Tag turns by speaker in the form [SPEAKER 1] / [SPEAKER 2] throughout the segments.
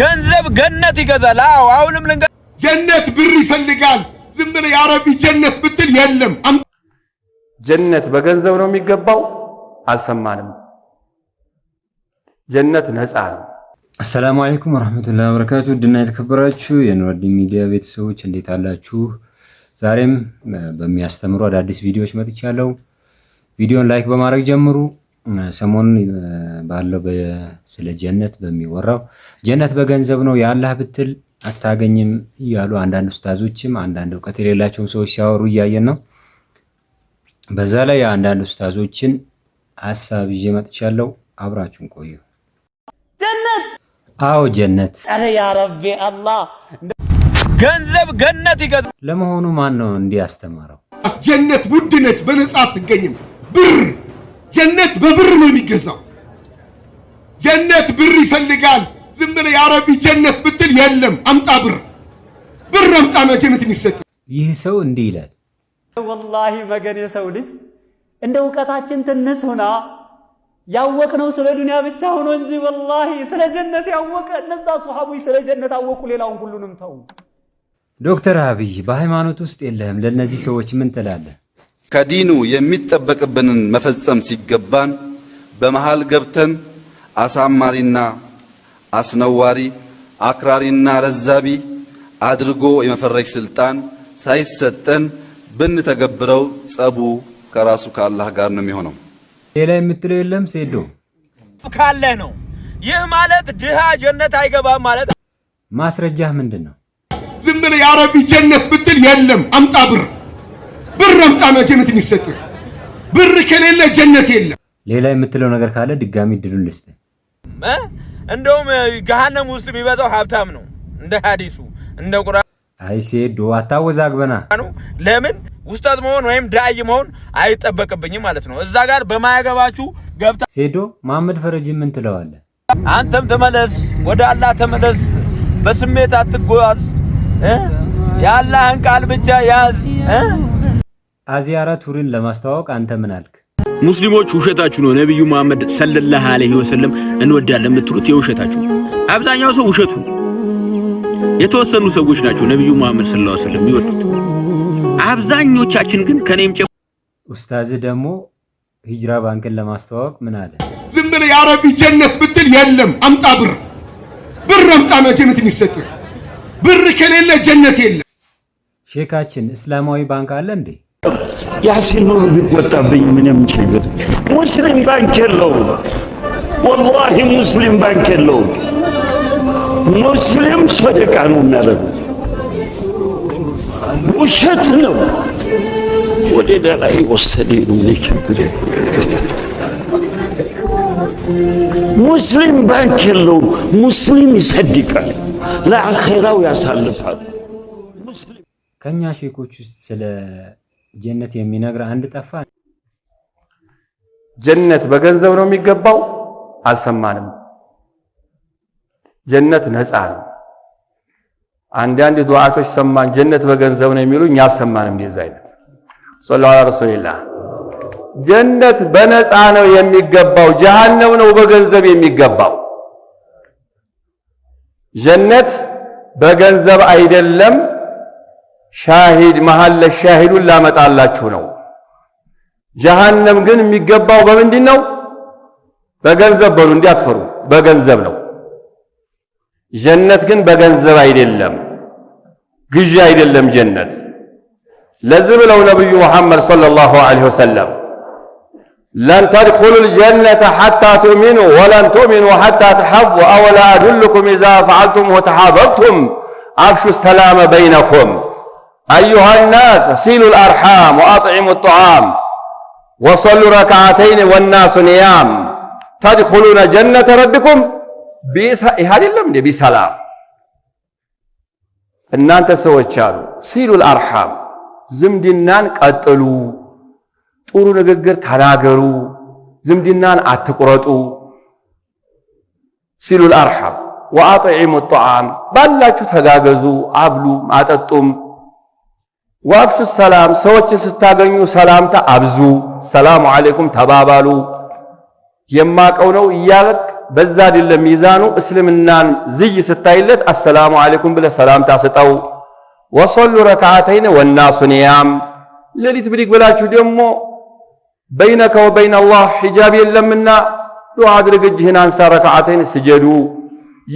[SPEAKER 1] ገንዘብ ገነት ይገዛል። አዎ አሁንም ልንገ
[SPEAKER 2] ጀነት ብር ይፈልጋል። ዝም ብለህ የአረቢ ጀነት ብትል የለም።
[SPEAKER 3] ጀነት በገንዘብ ነው የሚገባው። አልሰማንም። ጀነት ነፃ
[SPEAKER 4] ነው። አሰላሙ አለይኩም ወራህመቱላሂ ወበረካቱ። ድና የተከበራችሁ የኑረዲ ሚዲያ ቤተሰቦች እንዴት አላችሁ? ዛሬም በሚያስተምሩ አዳዲስ ቪዲዮዎች መጥቻለሁ። ቪዲዮን ላይክ በማድረግ ጀምሩ። ሰሞኑን ባለው ስለ ጀነት በሚወራው ጀነት በገንዘብ ነው የአላህ ብትል አታገኝም እያሉ አንዳንድ ኡስታዞችም አንዳንድ እውቀት የሌላቸውም ሰዎች ሲያወሩ እያየን ነው። በዛ ላይ አንዳንድ ኡስታዞችን ሀሳብ ይዤ መጥቻለሁ። አብራችሁን ቆዩ። ጀነት
[SPEAKER 5] አዎ፣ ጀነት አላህ
[SPEAKER 1] ገንዘብ
[SPEAKER 4] ገነት ይገ ለመሆኑ ማን ነው እንዲህ
[SPEAKER 2] ያስተማረው? ጀነት ውድ ነች፣ በነጻ አትገኝም። ብር ጀነት በብር ነው የሚገዛው። ጀነት ብር ይፈልጋል። ዝም ብለህ የአረቢ ጀነት ብትል የለም፣ አምጣ ብር ብር አምጣ
[SPEAKER 4] ነው ጀነት የሚሰጥ። ይህ ሰው እንዲህ ይላል፣
[SPEAKER 6] ወላሂ መገን የሰው ልጅ እንደ እውቀታችን ትንስ ሁና ያወቅነው ስለ ዱንያ ብቻ ሆኖ እንጂ ወላሂ ስለ ጀነት ያወቀ እነዛ ሱሐቦች ስለ ጀነት አወቁ። ሌላውን
[SPEAKER 4] ሁሉንም ተው። ዶክተር አብይ በሃይማኖት ውስጥ የለህም። ለእነዚህ ሰዎች ምን ትላለህ?
[SPEAKER 7] ከዲኑ የሚጠበቅብንን መፈጸም ሲገባን በመሃል ገብተን አሳማሪና አስነዋሪ አክራሪና ረዛቢ አድርጎ የመፈረጅ ስልጣን ሳይሰጠን ብንተገብረው ጸቡ ከራሱ ከአላህ
[SPEAKER 4] ጋር ነው የሚሆነው። ሌላ የምትለው
[SPEAKER 5] የለም። ሴዶ ካለ ነው። ይህ ማለት ድሃ ጀነት
[SPEAKER 4] አይገባም ማለት ማስረጃህ
[SPEAKER 2] ምንድን ነው? ዝም ብለህ የአረቢ ጀነት ብትል የለም አምጣ ብር ብር አምጣ ነው ጀነት የሚሰጥህ። ብር ከሌለ ጀነት
[SPEAKER 4] የለም። ሌላ የምትለው ነገር ካለ ድጋሚ
[SPEAKER 5] እድሉን ልስጥ። እንደውም ገሃነም ውስጥ የሚበዛው ሀብታም ነው። እንደ ሀዲሱ እንደ
[SPEAKER 4] ቁራ አይ ሴዶ አታወዛግበና።
[SPEAKER 5] ለምን ውስጣት መሆን ወይም ዳይ መሆን አይጠበቅብኝም ማለት ነው። እዛ ጋር በማያገባችሁ
[SPEAKER 4] ገብታ ሴዶ መሐመድ ፈረጅ ምን ትለዋለ?
[SPEAKER 8] አንተም ተመለስ፣ ወደ አላህ ተመለስ፣ በስሜት አትጓዝ፣ የአላህን ቃል ብቻ
[SPEAKER 4] ያዝ። አዚያራ ቱሪን ለማስተዋወቅ አንተ ምን አልክ?
[SPEAKER 9] ሙስሊሞች ውሸታችሁ ነው፣ ነቢዩ መሐመድ ሰለላሁ ዐለይሂ ወሰለም እንወዳለን የምትሉት የውሸታችሁ። አብዛኛው ሰው ውሸቱ የተወሰኑ ሰዎች ናቸው ነቢዩ መሐመድ ሰለላሁ ዐለይሂ ወሰለም የሚወዱት። አብዛኞቻችን ግን
[SPEAKER 4] ከኔም ጨ ኡስታዝ ደግሞ ሂጅራ ባንክን ለማስተዋወቅ
[SPEAKER 2] ምን አለ? ዝም ብለህ የአረቢ ጀነት ብትል የለም፣ አምጣ ብር ብር አምጣ ነው ጀነት የሚሰጥህ። ብር ከሌለ
[SPEAKER 4] ጀነት የለም። ሼካችን እስላማዊ ባንክ
[SPEAKER 10] አለ እንዴ? ያ ሲኖር ቢቆጣብኝ ምንም ችግር ሙስሊም ባንክ የለውም። ወላሂ ሙስሊም ባንክ የለውም። ሙስሊም ሰደቃ ነው የሚያደርገው። ውሸት ነው። ወደ ላይ ወሰደ ነው። ምን ችግር ሙስሊም ባንክ የለውም። ሙስሊም ይሰድቃል፣ ለአኼራው ያሳልፋል።
[SPEAKER 4] ከእኛ ሼኮች ውስጥ ስለ ጀነት የሚነግር አንድ ጠፋ።
[SPEAKER 3] ጀነት በገንዘብ ነው የሚገባው? አልሰማንም። ጀነት ነፃ ነው። አንዳንድ ዱዓቶች ሰማን፣ ጀነት በገንዘብ ነው የሚሉ እኛ አልሰማንም። እንደዛ አይነት ሰለላሁ ዐለ ረሱልላህ። ጀነት በነፃ ነው የሚገባው፣ ጀሃነም ነው በገንዘብ የሚገባው። ጀነት በገንዘብ አይደለም شاهد محل الشاهد لا متعلاته نو جهنم جن ميقبه وبمن دين نو بغن زبرون دي اتفرو بغن زبنو جنت جن بغن زبا يدلم قجا يدلم جنت لازم لو نبي محمد صلى الله عليه وسلم لن تدخلوا الجنة حتى تؤمنوا ولن تؤمنوا حتى تحظوا أولا أدلكم إذا فعلتم وتحاببتم أفشوا السلام بينكم አዩሃ ናስ ሲሉ ልአርሓም ወአጥዒሙ ጣዓም ወሰሉ ረክዓተይን ወናሱ ኒያም ተድኩሉነ ጀነተ ረቢኩም ይህ አይደለም እንዴ ቢሰላም እናንተ ሰዎች አሉ ሲሉ ልአርሓም ዝምድናን ቀጥሉ፣ ጥሩ ንግግር ተናገሩ፣ ዝምድናን አትቁረጡ ሲሉ ልአርሓም ወአጥዒሙ ጣዓም ባላችሁ ተጋገዙ፣ አብሉም አጠጡም ወቅት ሰላም ሰዎችን ስታገኙ ሰላምታ አብዙ፣ ሰላሙ አለይኩም ተባባሉ። የማቀው ነው እያለቅ በዛ አይደለም ሚዛኑ። እስልምናን ዝይ ስታይለት አሰላሙ አለይኩም ብለ ሰላምታ ስጠው። ወሰሉ ረካዓተይን ወናሱ ኒያም፣ ሌሊት ብድግ ብላችሁ ደግሞ በይነከ ወበይነ አላህ ሒጃብ የለምና ዱዓ አድርግ፣ እጅህን አንሳ፣ ረካዓተይን ስጀዱ።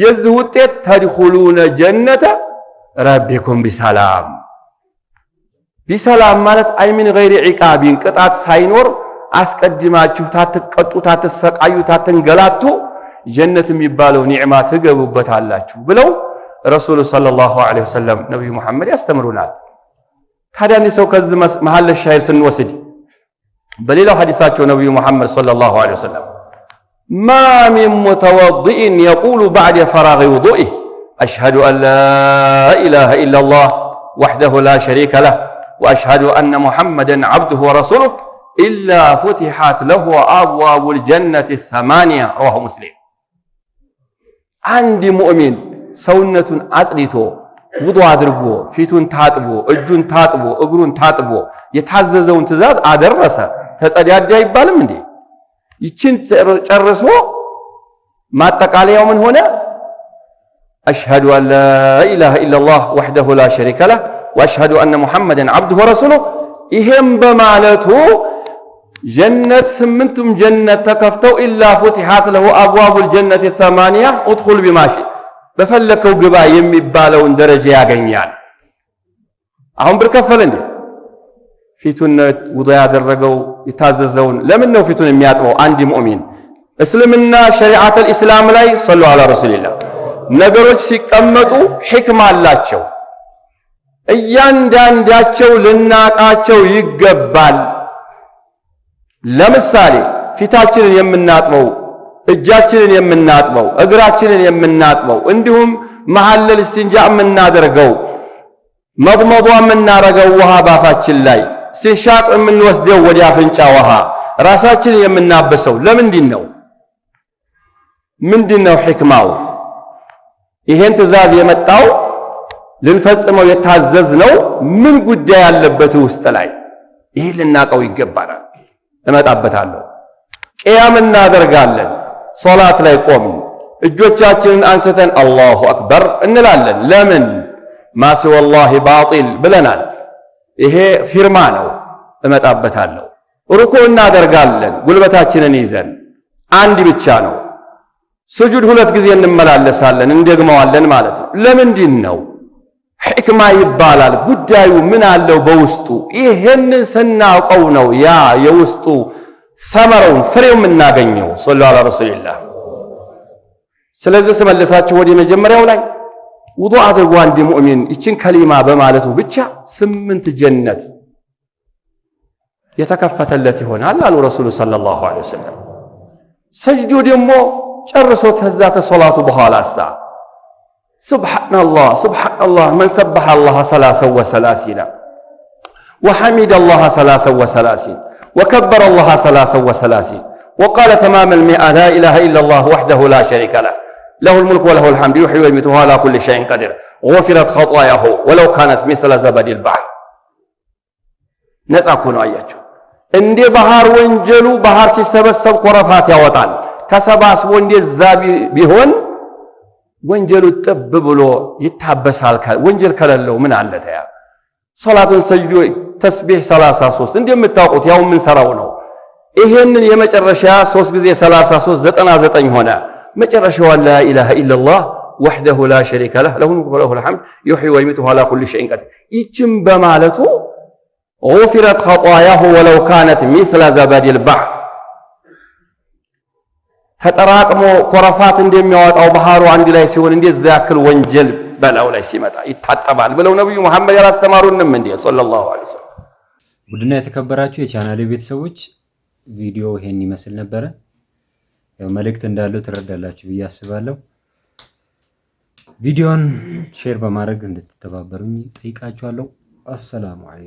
[SPEAKER 3] የዚህ ውጤት ተድኹሉነ ጀነተ ረቢኩም ቢሰላም ቢሰላም ማለት አይሚን ገይሪ ዒቃቢን ቅጣት ሳይኖር አስቀድማችሁ ታትቀጡ፣ ታትሰቃዩ፣ ታትንገላቱ ጀነት የሚባለው ኒዕማ ትገቡበታላችሁ ብለው ረሱሉ ሰለላሁ ዐለይሂ ወሰለም ነቢዩ መሐመድ ያስተምሩናል። ታዲያ እንዲህ ሰው ከዚህ መሀል ሻሂር ስንወስድ በሌላው ሐዲሳቸው ነቢዩ መሐመድ ሰለላሁ ዐለይሂ ወሰለም ማ ሚን ሙተወዲእን የቁሉ ባዕደ ፈራጊ ውዱኢህ አሽሀዱ አን ላ ኢላሃ ኢላ ላህ ወሕደሁ ላ ሸሪከ ለህ وأشهد أن محمدا عبده ورسوله إلا فتحت له أبواب الجنة الثمانية رواه مسلم አንድ ሙእሚን ሰውነቱን አጽድቶ ውጡ አድርጎ ፊቱን ታጥቦ እጁን ታጥቦ እግሩን ታጥቦ የታዘዘውን ትእዛዝ አደረሰ ተጸዳዳ አይባልም እንዴ? ይችን ጨርሶ ማጠቃለያው ምን ሆነ? አሽሀዱ አን ላ ኢላሃ ኢለላህ ወሕደሁ ላ ሸሪከ ለህ ወአሽሀዱ አነ ሙሐመደን አብዱሁ ወረሱሉህ ይሄም በማለቱ ጀነት ስምንቱም ጀነት ተከፍተው ኢላ ፉቲሐት ለሁ አብዋቡል ጀነት ሰማንያ ኡድኹል ቢማሺ በፈለከው ግባ የሚባለውን ደረጃ ያገኛል። አሁን ብር ከፈለ እንዴ? ፊቱን ውዶ ያደረገው የታዘዘውን ለምን ነው ፊቱን የሚያጥበው? አንድ ሙእሚን እስልምና ሸሪዓተል ኢስላም ላይ ሰሉ አላ ረሱሊላህ ነገሮች ሲቀመጡ ሕክማ አላቸው። እያንዳንዳቸው ልናቃቸው ይገባል። ለምሳሌ ፊታችንን የምናጥበው፣ እጃችንን የምናጥበው፣ እግራችንን የምናጥበው እንዲሁም መሐለል እስቲንጃ የምናደርገው መضመዷ የምናረገው ውሃ ባፋችን ላይ ሲንሻጥ የምንወስደው ወደ አፍንጫ ውሃ ራሳችንን የምናበሰው ለምንድን ነው? ምንድን ነው ሕክማው? ይሄን ትዕዛዝ የመጣው ልንፈጽመው የታዘዝ ነው? ምን ጉዳይ ያለበት ውስጥ ላይ ይሄ ልናቀው ይገባናል። እመጣበታለሁ። ቅያም እናደርጋለን። ሶላት ላይ ቆምን፣ እጆቻችንን አንስተን አላሁ አክበር እንላለን። ለምን ማሲ ባጢል ብለናል። ይሄ ፊርማ ነው። እመጣበታለሁ። ሩኩ እናደርጋለን፣ ጉልበታችንን ይዘን አንድ ብቻ ነው። ስጁድ ሁለት ጊዜ እንመላለሳለን፣ እንደግመዋለን ማለት ነው። ለምንድን ነው ሕክማ ይባላል። ጉዳዩ ምን አለው በውስጡ? ይህንን ስናውቀው ነው ያ የውስጡ ሰመረውን ፍሬው የምናገኘው። ሶሉ አላ ረሱልላህ። ስለዚህ ስመለሳችሁ ወደ መጀመሪያው ላይ ውዱእ አድርጎ አንድ ሙእሚን ይችን ከሊማ በማለቱ ብቻ ስምንት ጀነት የተከፈተለት ይሆናል አሉ ረሱሉ ሰለላሁ ዐለይሂ ወሰለም። ሰጅዱ ደግሞ ጨርሶ ተዛ ተሶላቱ በኋላ ሳ سبحان الله سبحان الله من سبح الله ثلاثا وثلاثين وحمد الله ثلاثا وثلاثين وكبر الله ثلاثا وثلاثين وقال تمام المئة لا إله إلا الله وحده لا شريك له له الملك وله الحمد يحيي ويميت وهو على كل شيء قدير غفرت خطاياه ولو كانت مثل زبد البحر ነፃ እኮ بحر አያቸው بحر ባህር ወንጀሉ ባህር يا وطن كسباس ተሰባስቦ الزابي ቢሆን ወንጀሉ ጥብ ብሎ ይታበሳል። ወንጀል ከሌለው ምን አለ ታያ ሶላቱን ሰጅዶ ተስቢህ 33 እንደምታውቁት ያው ምን ሰራው ነው። ይሄንን የመጨረሻ ሶስት ጊዜ 33 99 ሆነ። መጨረሻው ላ ኢላሃ ኢላላህ ወህደሁ ላ ሸሪከ ለህ ለሁ ሙልኩ ወለሁ ልሐምድ ዩሕይ ወይሚቱ ዓላ ኩሊ ሸይን ቀዲር ይችም በማለቱ ዑፊረት ኸጣያሁ ወለው ካነት ሚስለ ዘበዲል ባሕር ተጠራቅሞ ኮረፋት እንደሚያወጣው ባህሩ አንድ ላይ ሲሆን እንዴት እዛ ያክል ወንጀል በላው ላይ ሲመጣ ይታጠባል ብለው ነብዩ መሐመድ ያላስተማሩንም እንዴ ሰለላሁ
[SPEAKER 4] ዐለይሂ ወሰለም። ውድና የተከበራችሁ የቻናሌ ቤተሰቦች ቪዲዮ ይሄን ይመስል ነበረ። መልእክት እንዳለው ትረዳላችሁ ብዬ አስባለሁ። ቪዲዮን ሼር በማድረግ እንድትተባበሩኝ ጠይቃችኋለሁ። አሰላሙ አለይኩም